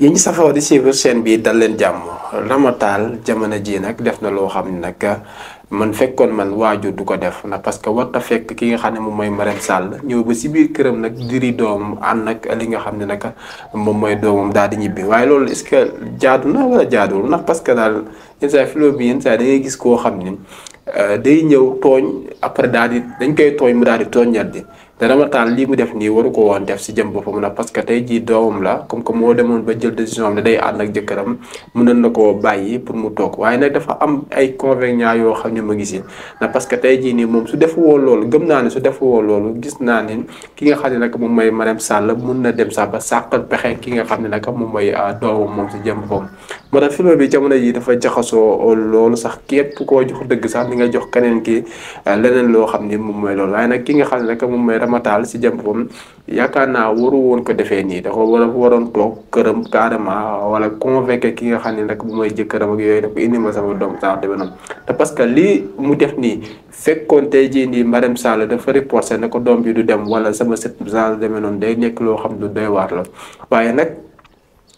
yi ñu di suivre chaîne bii dal leen jàmm ramataal jamono ji nag def na loo xam ne nag man fekkoon man waajur du ko def na parce que war warta fekk ki nga xam ne moom mooy Marème Sall ñëw si biir këram nag diri doom ànd nag li nga xam ne nag moom mooy doomam daal di ñibbi waaye loolu est-ce que jaadu na wala jaaduwul ndax parce que daal yenn saa filoo bi yenn saa da gis koo xam ne euh, day ñëw tooñ après daal di dañ koy tooñ mu daal di tooñ ñaar di te Ramata lii mu def nii waru ko woon def si jëm boppam na parce que tey jii doomam la comme que moo demoon ba jël décision am ne day ànd ak na koo bàyyi pour mu toog waaye nag dafa am ay convénients yoo xam ne ma gis yi parce que tey jii nii moom su def woo gëm naa ne su def woo gis naa ne ki nga xam ne nag moom mooy Marème Sall mun na dem sax ba sàqal pexe ki nga xam ne nag moom mooy ah, doomam moom si jëm boppam moo tax film bi jamono jii dafa jaxasoo loolu sax képp koo jox dëgg sax ni nga jox keneen ki ah, leneen loo xam ne moom mooy loolu waaye nag ki nga xam ne nag moom mooy Ibrahima Tall si jëm boppam yaakaar naa waru woon ko defee nii dafa war waroon toog këram carrément wala convaincre ki nga xam ne nag bu may jëkkëram ak yooyu dafa indi ma sama doom saa demee noonu te parce que lii mu def nii fekkoon tey jii nii Marème Sall dafa reporté ne ko doom bi du dem wala sama sët genre demee noonu day nekk loo xam du doy waar la waaye nag.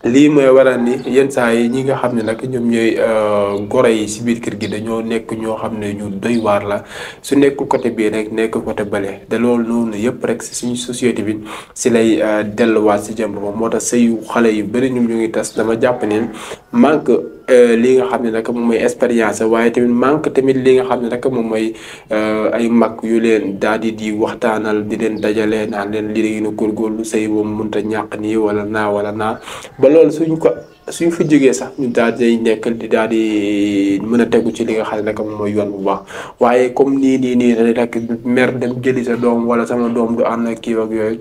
lii mooy waral ni yenn saa yi ñi nga xam ne nag ñoom ñooy euh, goro yi si biir kër gi dañoo nekk ñoo xam ne ñu doy waar la su nekkul côté bii rek nekk côté bële te loolu noonu yëpp rek si suñu société bi si lay euh, delluwaat si jëm boppam moo tax sëyu xale yi bëri ñu ñu ngi tas dama jàpp ne manque Euh, lii nga xam ne nag moom mooy expérience waaye tamit manque tamit li nga xam ne nag moom mooy euh, ay mag yu leen daal di di waxtaanal di leen dajale naan leen lii léegi na góorgóorlu sëy moom mënut a ñàkk nii wala naa wala naa ba loolu suñ ko suñ fi jógee sax ñu daal di nekk daal di mën a tegu ci li nga xam ne nag moom mooy yoon bu baax waaye comme nii nii nii rek mer dem jëli sa doom wala sama doom du ànd ak yooyu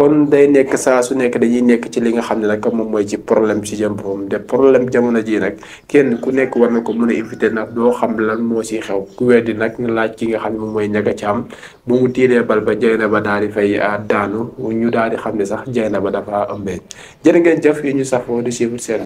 kon day nekk saa su nekk dañuy nekk ci li nga xam ne nag moom mooy ci problème si jëm boppam de problème jamono ji nag kenn ku nekk war na ko mën a éviter nag doo xam lan moo si xew ku weddi nag na laaj ki nga xam ne moom mooy ñaga ci am mu tiiree bal ba jay ba daal di fay ah, daanu ñu daal di xam ne sax jay na ba dafa ëmbee jërë ngeen jëf yi ñu safoo di suivre seen